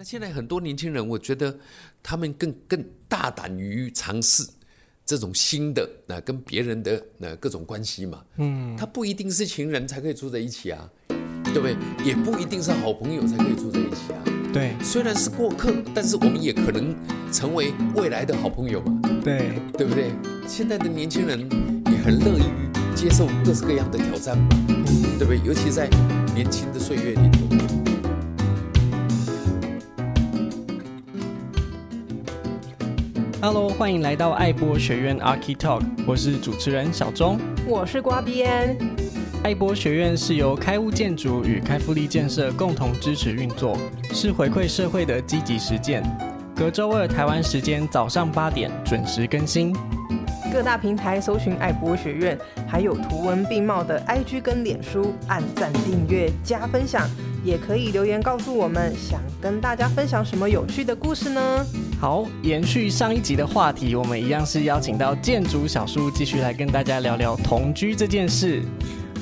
那現在很多年輕人，我覺得他們更更大膽於嘗試這種新的那、呃、跟別人的那、呃、各種關係嘛。嗯，他不一定是情人，才可以住在一起啊，對不對？也不一定是好朋友才可以住在一起啊。對，雖然是過客，但是我們也可能成為未來的好朋友嘛。對，對不對？現在的年輕人也很樂意接受各式各樣的挑戰，對不對？尤其在年輕的歲月裡頭。Hello，、啊、歡迎來到愛博學院 Archi Talk，我是主持人小鍾，我是呱編。愛博學院是由開物建築與開福利建設共同支持運作，是回饋社會的積極實踐。隔周二台灣時間早上八點準時更新，各大平台搜尋愛博學院，還有圖文並茂的 IG 跟臉書，按讚、訂閱、加分享，也可以留言告訴我們，想跟大家分享什麼有趣的故事呢？好，延續上一集的話題，我們一樣是邀請到建築小叔繼續來跟大家聊聊同居這件事。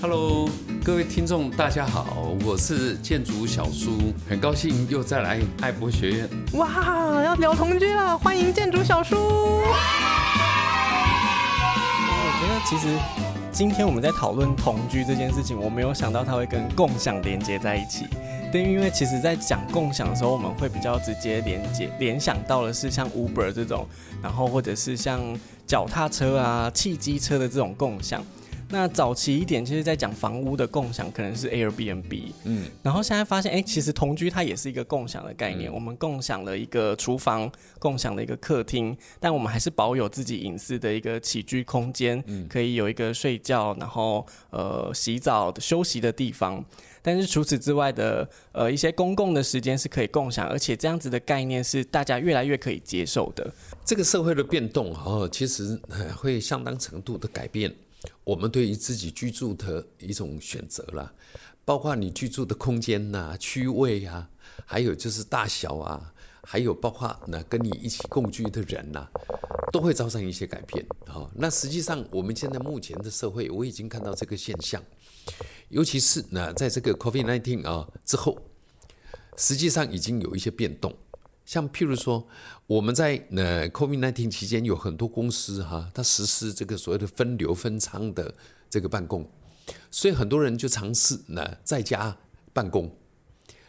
Hello，各位聽眾大家好，我是建築小叔，很高興又再來愛博學院。哇，要聊同居了，歡迎建築小叔。 我覺得其實今天我們在討論同居這件事情，我沒有想到它會跟共享連接在一起。對，因為其實，在講共享的時候，我們會比較直接聯結、聯想到的是像 Uber 這種，然後或者是像腳踏車啊、汽機車的這種共享。那早期一點，其實，在講房屋的共享，可能是 Airbnb。嗯，然後現在發現，哎，其實同居它也是一個共享的概念。嗯，我們共享了一個廚房，共享了一個客廳，但我們還是保有自己隱私的一個起居空間，可以有一個睡覺，然後呃洗澡休息的地方。但是除此之外的，呃，一些公共的時間是可以共享，而且這樣子的概念是大家越來越可以接受的。這個社會的變動哦，其實會相當程度的改變。我們對於自己居住的一種選擇了，包括你居住的空間吶、區位啊，還有就是大小啊，還有包括呢跟你一起共居的人吶啊，都會造成一些改變哦。那實際上我們現在目前的社會，我已經看到這個現象，尤其是呢在這個 COVID-19 啊之後，實際上已經有一些變動。像譬如說，我們在呃 COVID-19 期間，有很多公司哈，它實施這個所謂的分流分艙的這個辦公，所以很多人就嘗試呢在家辦公。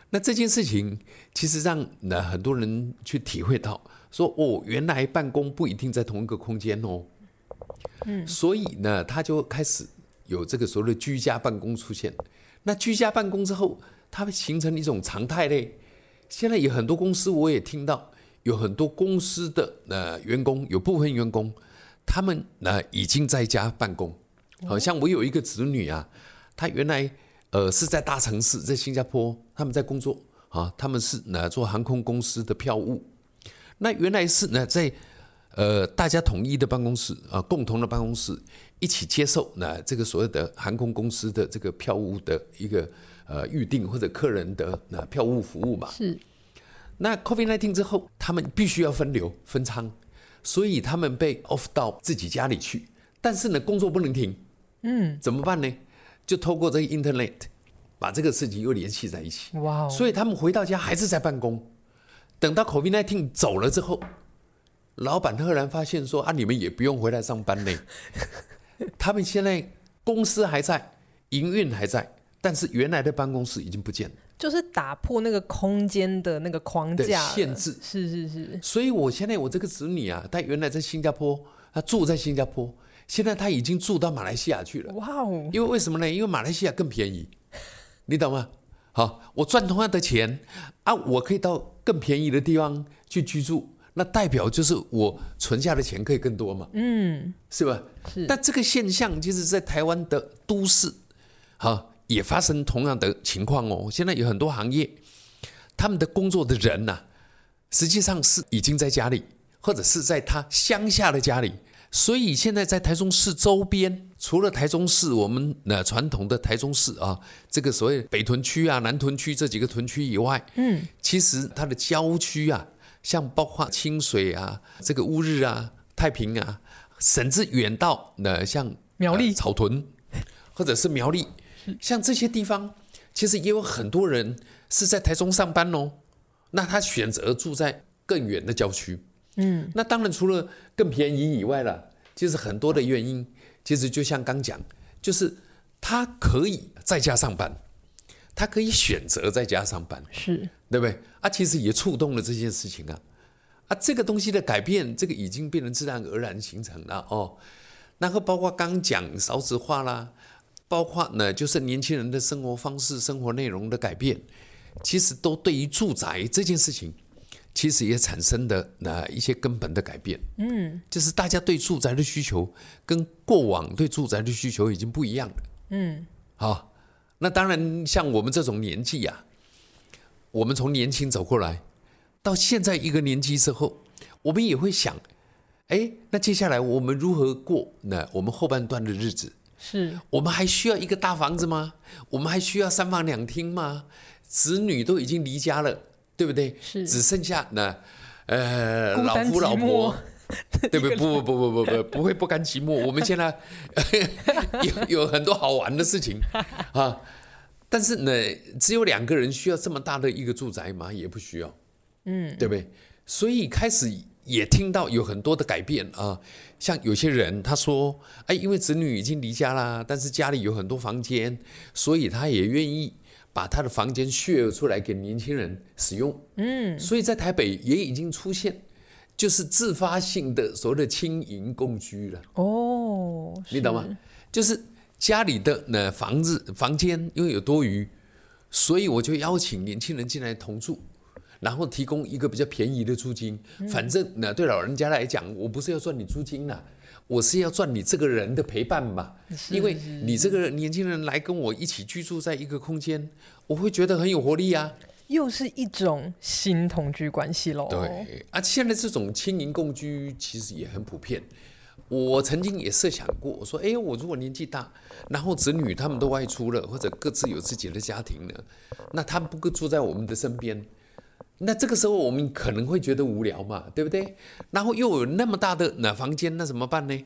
那這件事情其實讓呢很多人去體會到，說哦，原來辦公不一定在同一個空間哦。所以呢，他就開始有這個所謂的居家辦公出現。那居家辦公之後，它會形成一種常態嘞。現在有很多公司，我也聽到有很多公司的員工，有部分員工，他們已經在家辦公。好像我有一個子女啊，他原來呃是在大城市，在新加坡，他們在工作啊，他們是那做航空公司的票務，那原來是在呃大家統一的辦公室啊，共同的辦公室一起接受這個所謂的航空公司的這個票務的一個。呃，預定或者客人的那票務服務嘛，是。那 COVID-19 之後，他們必須要分流分艙，所以他們被 off 到自己家裡去。但是呢，工作不能停，嗯，怎麼辦呢？就透過這個 Internet 把這個事情又聯繫在一起。哇哦 Wow！所以他們回到家還是在辦公。等到 COVID-19 走了之後，老板赫然發現說啊，你們也不用回來上班呢。 他們現在公司還在，營運還在。但是原來的辦公室已經不見了，就是打破那個空間的那個框架限制，是是是。所以我現在我這個子女啊，他原來在新加坡，他住在新加坡，現在他已經住到馬來西亞去了。哇哦 Wow！因為為什麼呢？因為馬來西亞更便宜，你懂嗎？好，我賺同樣的錢啊，我可以到更便宜的地方去居住，那代表就是我存下的錢可以更多嘛，嗯，是吧？是。但這個現象就是在台灣的都市，好。也發生同樣的情況哦。現在有很多行業，他們的工作的人呢、啊，實際上是已經在家裡，或者是在他鄉下的家裡。所以現在在台中市周邊，除了台中市我們呃傳統的台中市啊，這個所謂北屯區啊、南屯區這幾個屯區以外，嗯，其實它的郊區啊，像包括清水啊、這個烏日啊、太平啊，甚至遠到那、呃、像苗栗、呃、草屯，或者是苗栗。像這些地方，其實也有很多人是在台中上班嘍、哦。那他選擇住在更遠的郊區，嗯，那當然除了更便宜以外了，其實很多的原因，其實就像剛講，就是他可以在家上班，他可以選擇在家上班，是對不對？啊，其實也觸動了這件事情啊啊，這個東西的改變，這個已經變成自然而然形成了哦。然後包括剛講少子化啦。包括呢，就是年輕人的生活方式、生活內容的改變，其實都對於住宅這件事情，其實也產生的那一些根本的改變。嗯，就是大家對住宅的需求，跟過往對住宅的需求已經不一樣了。嗯，好，那當然像我們這種年紀呀、啊，我們從年輕走過來，到現在一個年紀之後，我們也會想，哎、欸，那接下來我們如何過呢？我們後半段的日子。是我們還需要一個大房子嗎？我們還需要三房兩廳嗎？子女都已經離家了，對不對？是只剩下呢，呃，老夫老婆，對不對？不不不不不不，不會不甘寂寞。 我們現在 有有很多好玩的事情啊，但是呢，只有兩個人需要這麼大的一個住宅嗎？也不需要，嗯，對不對？所以開始。也聽到有很多的改變啊、呃，像有些人他說，哎，因為子女已經離家啦，但是家裡有很多房間，所以他也願意把他的房間 share 出來給年輕人使用。嗯，所以在台北也已經出現，就是自發性的所謂的青銀共居了。哦，是。你懂嗎？就是家裡的呢，房子房間因為有多餘，所以我就邀請年輕人進來同住。然後提供一個比較便宜的租金，反正呢，對老人家來講，我不是要賺你租金吶、啊，我是要賺你這個人的陪伴嘛。因為你這個年輕人來跟我一起居住在一個空間，我會覺得很有活力啊。又是一種新同居關係嘍。對啊，現在這種青銀共居其實也很普遍。我曾經也設想過，我說：“哎，我如果年紀大，然後子女他們都外出了，或者各自有自己的家庭了，那他們不會住在我們的身邊。”那這個時候我們可能會覺得無聊嘛，對不對？然後又有那麼大的那房間，那怎麼辦呢？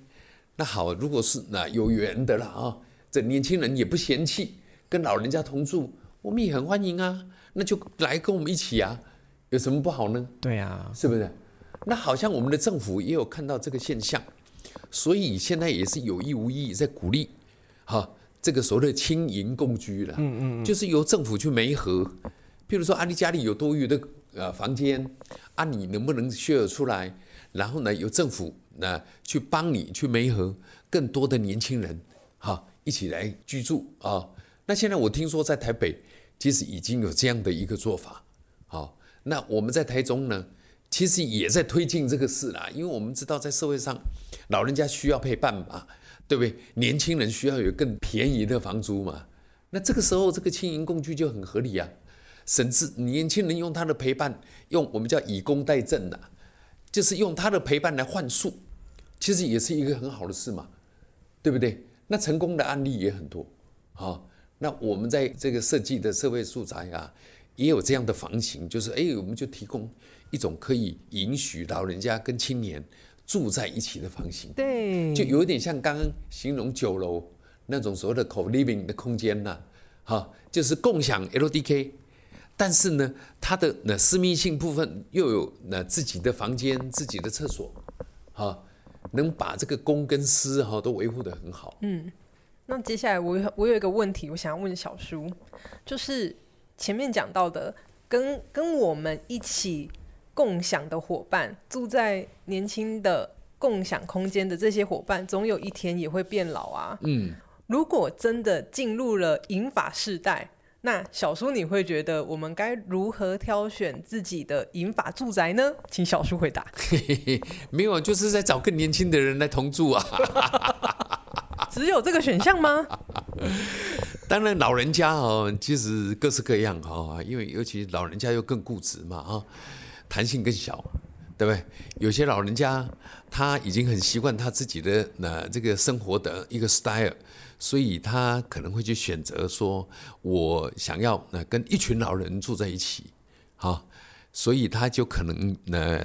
那好，如果是那有緣的了啊，這年輕人也不嫌棄跟老人家同住，我們也很歡迎啊，那就來跟我們一起啊，有什麼不好呢？對啊，是不是？那好像我們的政府也有看到這個現象，所以現在也是有意無意在鼓勵，哈，這個所謂的青銀共居了，嗯嗯嗯，就是由政府去媒合，譬如說，阿里家裡有多餘的。呃，房間啊，你能不能 share 出來？然後呢，由政府呢、呃、去幫你去媒合更多的年輕人，哈、哦，一起來居住啊、哦。那現在我聽說在台北其實已經有這樣的一個做法，好、哦，那我們在台中呢，其實也在推進這個事啦，因為我們知道在社會上老人家需要陪伴嘛，對不對？年輕人需要有更便宜的房租嘛，那這個時候這個親鄰共居就很合理啊。甚至年輕人用他的陪伴，用我們叫以工代賑的，就是用他的陪伴來換宿，其實也是一個很好的事嘛，對不對？那成功的案例也很多，好，那我們在這個設計的社會住宅啊，也有這樣的房型，就是哎，我們就提供一種可以允許老人家跟青年住在一起的房型，對，就有點像剛剛形容酒樓那種所謂的 co-living 的空間吶，哈，就是共享 LDK。但是呢，他的那私密性部分又有那自己的房間、自己的廁所，哈，能把這個公跟私哈都維護得很好。嗯，那接下來我有我有一個問題，我想要問小叔，就是前面講到的跟跟我們一起共享的夥伴住在年輕的共享空間的這些夥伴，總有一天也會變老啊。嗯，如果真的進入了銀髮世代。那小叔，你會覺得我們該如何挑選自己的銀髮住宅呢？請小叔回答。 沒有就是在找更年輕的人來同住啊。 只有這個選項嗎？ 當然，老人家哦，其實各式各樣啊，因為尤其老人家又更固執嘛，啊，彈性更小，對不對？有些老人家他已經很習慣他自己的那這個生活的一個 style。所以他可能會去選擇說，我想要跟一群老人住在一起，啊，所以他就可能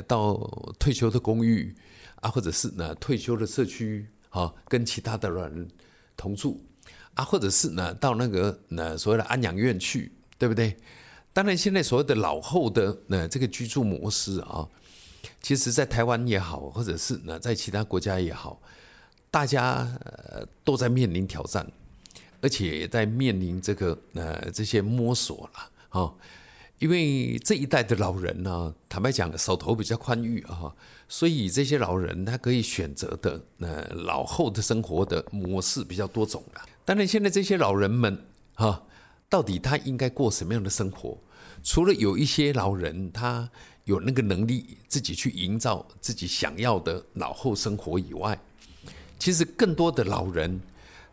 到退休的公寓啊，或者是退休的社區，啊，跟其他的人同住啊，或者是到那個所謂的安養院去，對不對？當然，現在所謂的老後的這個居住模式啊，其實，在台灣也好，或者是在其他國家也好。大家呃，都在面臨挑戰，而且也在面臨這個呃這些摸索了哈，因為這一代的老人呢、啊，坦白講的手頭比較寬裕啊，所以這些老人他可以選擇的呃老後的生活的模式比較多種了。當然，現在這些老人們哈，到底他應該過什麼樣的生活？除了有一些老人他有那個能力自己去營造自己想要的老後生活以外，其實更多的老人，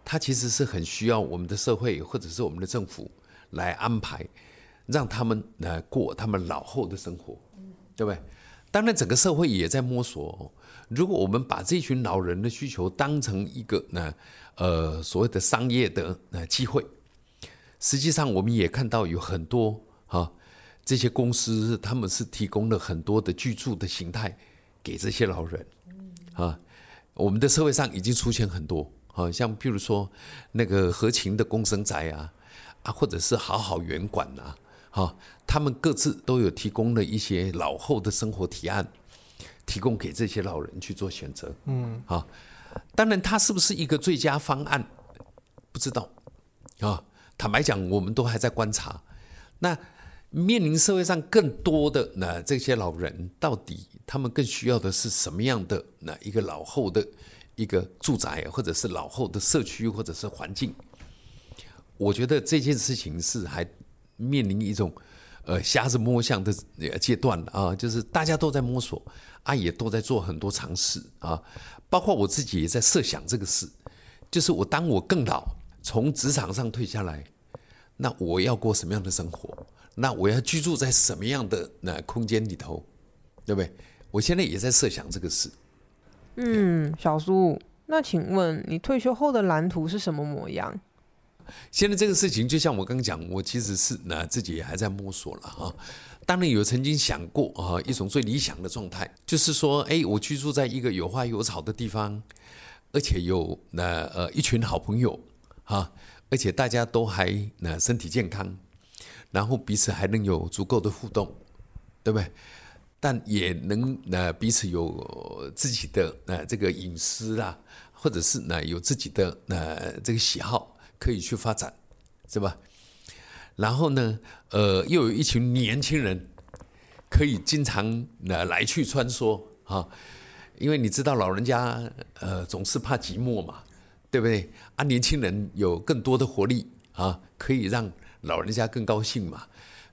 他其實是很需要我們的社會或者是我們的政府來安排，讓他們來過他們老後的生活，對不對？當然，整個社會也在摸索。如果我們把這群老人的需求當成一個呢呃所謂的商業的呃機會，實際上我們也看到有很多哈、啊、這些公司，他們是提供了很多的居住的形態給這些老人啊。我們的社會上已經出現很多，好像比如說那個合勤的共生宅啊，啊，或者是好好園館吶，哈、啊，他們各自都有提供了一些老後的生活提案，提供給這些老人去做選擇，嗯，啊，當然他是不是一個最佳方案，不知道，啊，坦白講，我們都還在觀察，那，面臨社會上更多的那這些老人，到底他們更需要的是什麼樣的那一個老後的，一個住宅，或者是老後的社區，或者是環境？我覺得這件事情是還面臨一種，呃，瞎子摸象的呃，階段啊，就是大家都在摸索，啊，也都在做很多嘗試啊，包括我自己也在設想這個事，就是我當我更老，從職場上退下來，那我要過什麼樣的生活？那我要居住在什麼樣的那空間裡頭，對不對？我現在也在設想這個事。嗯，小叔，那請問你退休後的藍圖是什麼模樣？現在這個事情，就像我剛講，我其實是那自己也還在摸索了哈。當然有曾經想過啊，一種最理想的狀態，就是說，誒，我居住在一個有花有草的地方，而且有那呃一群好朋友哈，而且大家都還那身體健康。然後彼此還能有足夠的互動，對不對？但也能呃彼此有自己的呃這個隱私啊，或者是呢有自己的呃這個喜好可以去發展，是吧？然後呢，呃，又有一群年輕人可以經常來去穿梭啊，因為你知道老人家呃總是怕寂寞嘛，對不對？啊，年輕人有更多的活力啊，可以讓。老人家更高興嘛，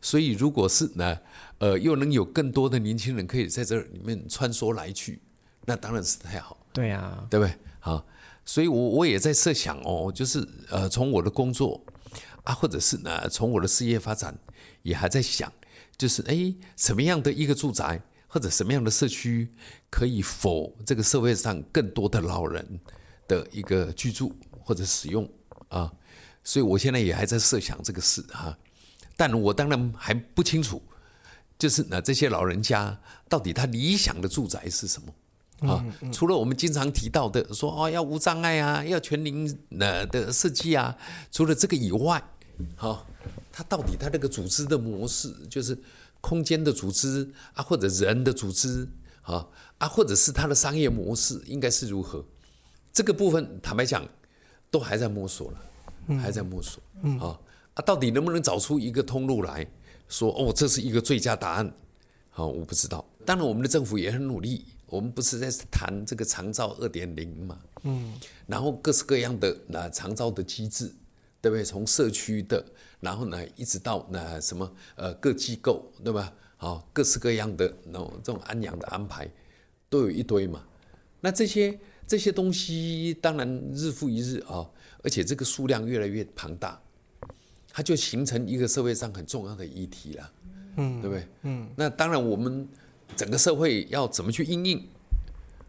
所以如果是呢，呃，又能有更多的年輕人可以在這裡面穿梭來去，那當然是太好。對呀、啊，對不對？啊，所以，我我也在設想哦，就是呃，從我的工作啊，或者是呢，從我的事業發展，也還在想，就是哎，什麼樣的一個住宅或者什麼樣的社區，可以否這個社會上更多的老人的一個居住或者使用啊？所以我現在也還在設想這個事哈啊，但我當然還不清楚，就是那這些老人家到底他理想的住宅是什麼啊？除了我們經常提到的說哦，要無障礙啊，要全齡那的設計啊，除了這個以外，好，他到底他這個組織的模式，就是空間的組織啊，或者人的組織啊啊，或者是他的商業模式應該是如何？這個部分坦白講，都還在摸索了。還在摸索，嗯，嗯啊，到底能不能找出一個通路來說哦，這是一個最佳答案，好、哦，我不知道。當然，我們的政府也很努力，我們不是在談這個長照二點零嘛，嗯，然後各式各樣的那長照的機制，對不對？從社區的，然後呢，一直到那什麼呃各機構，對吧？好、哦，各式各樣的那這種安養的安排，都有一堆嘛。那這些這些東西，當然日復一日啊。而且這個數量越來越龐大，它就形成一個社會上很重要的議題了，嗯，對不對？嗯，那當然，我們整個社會要怎麼去因應，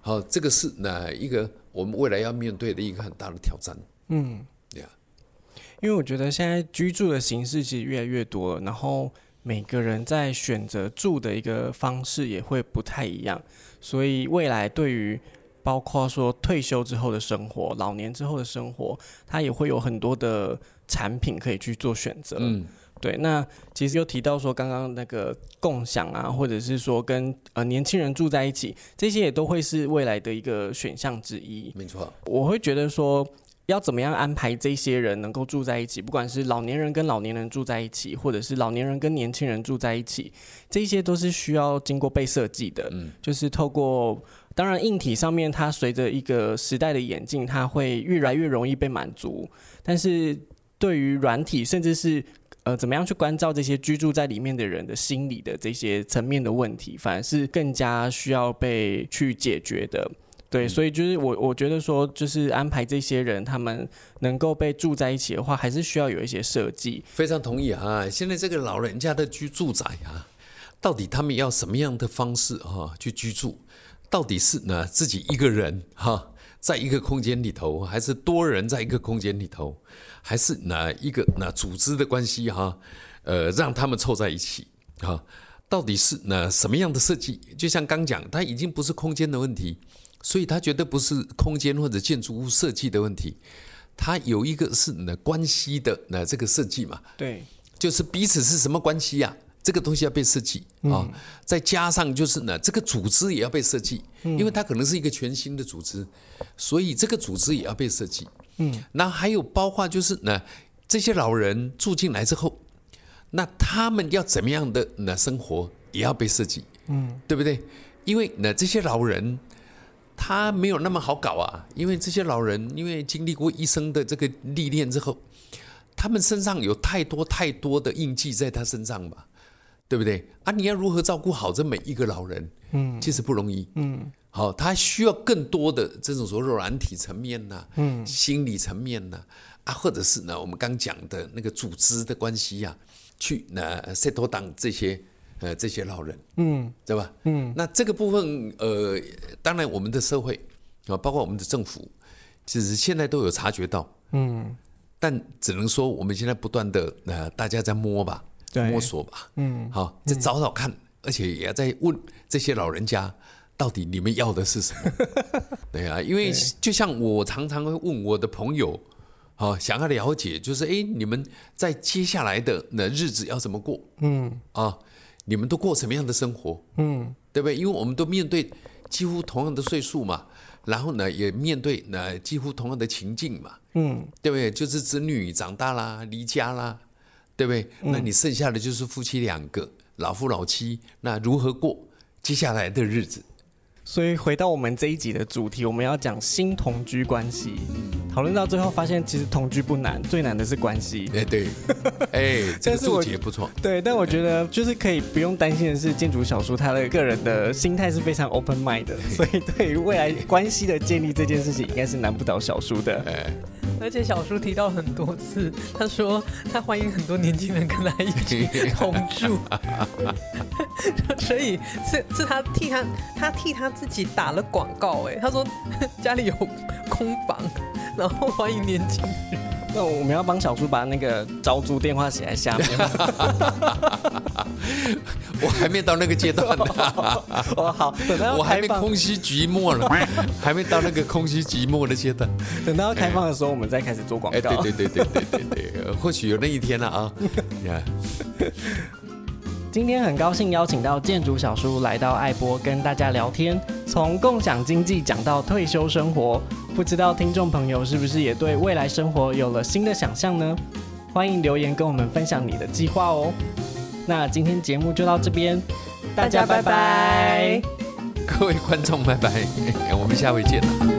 好、哦，這個是哪一個我們未來要面對的一個很大的挑戰，嗯，對啊 Yeah，因為我覺得現在居住的形式其實越來越多，然後每個人在選擇住的一個方式也會不太一樣，所以未來對於包括說退休之後的生活，老年之後的生活，他也會有很多的產品可以去做選擇。嗯，對。那其實又提到說，剛剛那個共享啊，或者是說跟呃年輕人住在一起，這些也都會是未來的一個選項之一。沒錯啊，我會覺得說，要怎麼樣安排這些人能夠住在一起，不管是老年人跟老年人住在一起，或者是老年人跟年輕人住在一起，這些都是需要經過被設計的。嗯，就是透過。當然，硬體上面它隨着一個時代的演進，它會越來越容易被滿足。但是，對於軟體，甚至是呃，怎麼樣去關照這些居住在裡面的人的心理的這些層面的問題，反而是更加需要被去解決的。對，嗯、所以就是我我覺得說，就是安排這些人他們能夠被住在一起的話，還是需要有一些設計。非常同意啊！現在這個老人家的居住宅啊，到底他們要什麼樣的方式啊去居住？到底是呢？自己一個人哈，在一個空間裡頭，還是多人在一個空間裡頭，還是哪一個那組織的關係哈？呃，讓他們湊在一起哈。到底是什麼樣的設計？就像剛講，它已經不是空間的問題，所以它絕對不是空間或者建築物設計的問題，它有一個是關係的那這個設計嘛？對，就是彼此是什麼關係呀、啊？這個東西要被設計啊，嗯、再加上就是呢，這個組織也要被設計，嗯、因為它可能是一個全新的組織，所以這個組織也要被設計。嗯，那還有包括就是呢，這些老人住進來之後，那他們要怎麼樣的呢？生活也要被設計，嗯，對不對？因為呢，這些老人他沒有那麼好搞啊，因為這些老人因為經歷過一生的這個歷練之後，他們身上有太多太多的印記在他身上吧。對不對啊？你要如何照顧好這每一個老人？嗯，其實不容易。嗯，好、哦，他需要更多的這種說軟體層面呢、啊，嗯，心理層面呢、啊，啊，或者是呢，我們剛講的那個組織的關係呀、啊，去呢，settle down 這些呃這些老人，嗯，對吧？嗯，那這個部分呃，當然我們的社會啊，包括我們的政府，其實現在都有察覺到，嗯，但只能說我們現在不斷的呃，大家在摸吧。摸索吧，嗯、好、嗯，再找找看，嗯，而且也在問這些老人家，到底你們要的是什麼？ 對啊，因為就像我常常會問我的朋友，好，想要了解，就是哎，你們在接下來的那日子要怎麼過？嗯，啊，你們都過什麼樣的生活？嗯，對不對？因為我們都面對幾乎同樣的歲數嘛，然後呢，也面對那幾乎同樣的情境嘛，嗯，對不對？就是子女長大啦，離家啦。對不對？那你剩下的就是夫妻兩個，嗯、老夫老妻，那如何過接下來的日子？所以回到我們這一集的主題，我們要講新同居關係。討論到最後，發現其實同居不難，最難的是關係。哎，欸、對，哎、欸， 這個結論不錯。對，但我覺得就是可以不用擔心的是，建築小叔他的個人的心態是非常 open mind 的，所以對於未來關係的建立這件事情，應該是難不倒小叔的。欸而且小叔提到很多次，他說他歡迎很多年輕人跟他一起同住， 所以是是他替他他替他自己打了廣告。哎，他說家裡有空房，然後歡迎年輕人。那我們要幫小叔把那個招租電話寫在下面。 我還沒到那個階段呢。我好，等到我還沒空虛寂寞了，還沒到那個空虛寂寞的階段。等到開放的時候，我們再開始做廣告。對對對對對對，或許有那一天了啊！今天很高興邀請到建築小叔來到愛播，跟大家聊天，從共享經濟講到退休生活，不知道聽眾朋友是不是也對未來生活有了新的想象呢？歡迎留言跟我們分享你的計劃哦。那今天節目就到這邊，大家拜拜，拜拜，各位觀眾拜拜， 我們下回見了。